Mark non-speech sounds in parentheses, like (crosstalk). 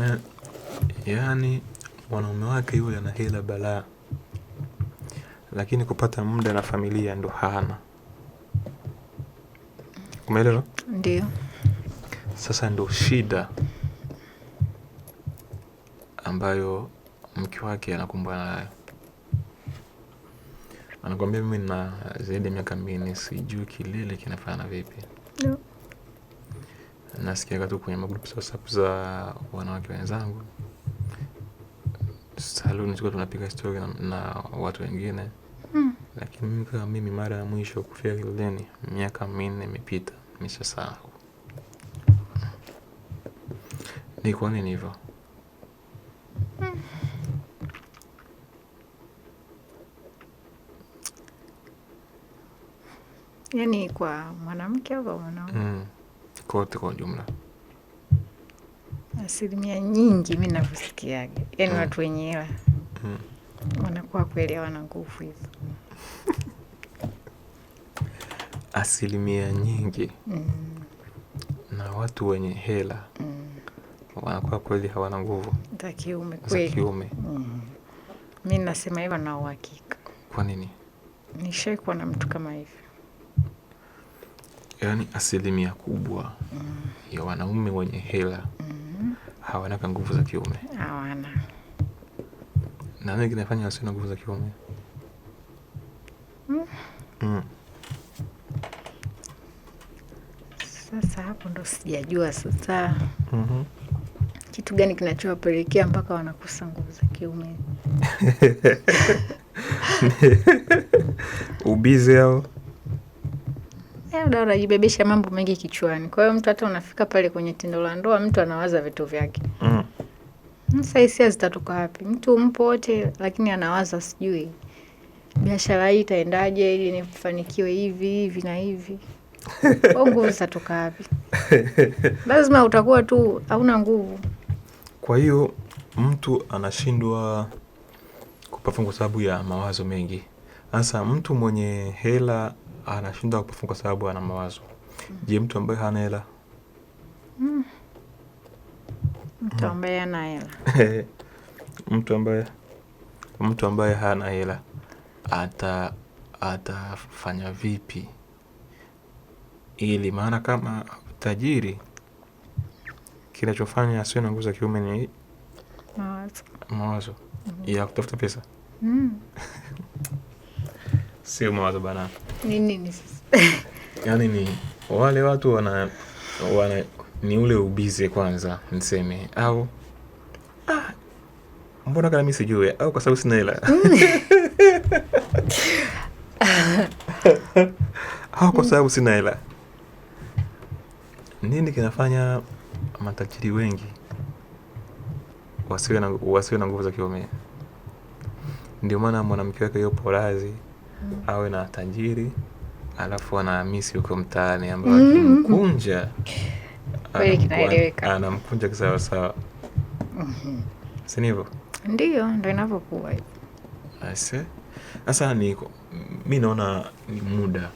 Eh, yaani mwanaume wake yule ana hela balaa. Lakini kupata muda na familia ndo hana. Umeelewa? Ndio. Sasa ndo shida ambayo mke wake anakumbana nayo. Anakuambia mimi na zaidi ya miaka minne sijui kilele kinafanana vipi nasikiaga tu kwenye magrupu za WhatsApp za wanawake wenzangu saluni, tulikuwa tunapiga story na, na watu wengine mm. Lakini kama mimi mara ya mwisho kufika kileleni miaka minne imepita, nimeshasahau ni kwa nini hivyo. Mm. Yaani kwa mwanamke au mwanaume? Mm kote kwa ujumla? Asilimia nyingi mi navyosikiaga, yani hmm. watu wenye hela mm. wanakuwa kweli hawana nguvu hizo (laughs) asilimia nyingi mm. na watu wenye hela mm. wanakuwa kweli hawana nguvu za kiume kweli. Mm. Mi nasema hivyo na uhakika. Kwa nini? Nishaikuwa na mtu kama hivyo yani asilimia kubwa mm. ya wanaume wenye hela mm. hawanaga nguvu za kiume, hawana na nini kinafanya wasio na nguvu za kiume mm. mm. Sasa hapo ndo sijajua sasa mm -hmm. kitu gani kinachowapelekea mpaka wanakosa nguvu za kiume (laughs) ubize au Eh, labda unajibebesha mambo mengi kichwani. Kwa hiyo mtu hata unafika pale kwenye tendo la ndoa, mtu anawaza vitu vyake. Mm. Sasa hisia zitatoka wapi? Mtu mpo wote, lakini anawaza sijui biashara hii itaendaje ili nifanikiwe hivi hivi na hivi (laughs) kwa nguvu zitatoka wapi? Lazima utakuwa tu hauna nguvu. Kwa hiyo mtu anashindwa kupafunga kwa sababu ya mawazo mengi. Sasa mtu mwenye hela anashindwa kupafuna kwa sababu ana mawazo. Je, mtu ambaye hana hela? Hmm. Mtu hmm. ambaye hana hela (laughs) mtu ambaye mtu ambaye hana hela ata atafanya vipi ili, maana kama tajiri kinachofanya asiwe na nguvu za kiume ni mawazo, mawazo mm -hmm. ya kutafuta pesa mm. (laughs) sio mawazo bana. Ni nini sasa? Yaani ni wale watu wana, wana ni ule ubize kwanza niseme au ah, mbona kana mimi sijui au kwa sababu sina hela (laughs) au kwa sababu sina hela. Nini kinafanya matajiri wengi wasiwe na nguvu za kiume? Ndio maana mwanamke wake yupo lazi awe na tajiri alafu anaamisi huko mtaani ambayo mhm. akimkunja anamkunja kisawasawa, mhm. si Ndio, ndo inavyokuwa hivyo. Sasa mi naona ni muda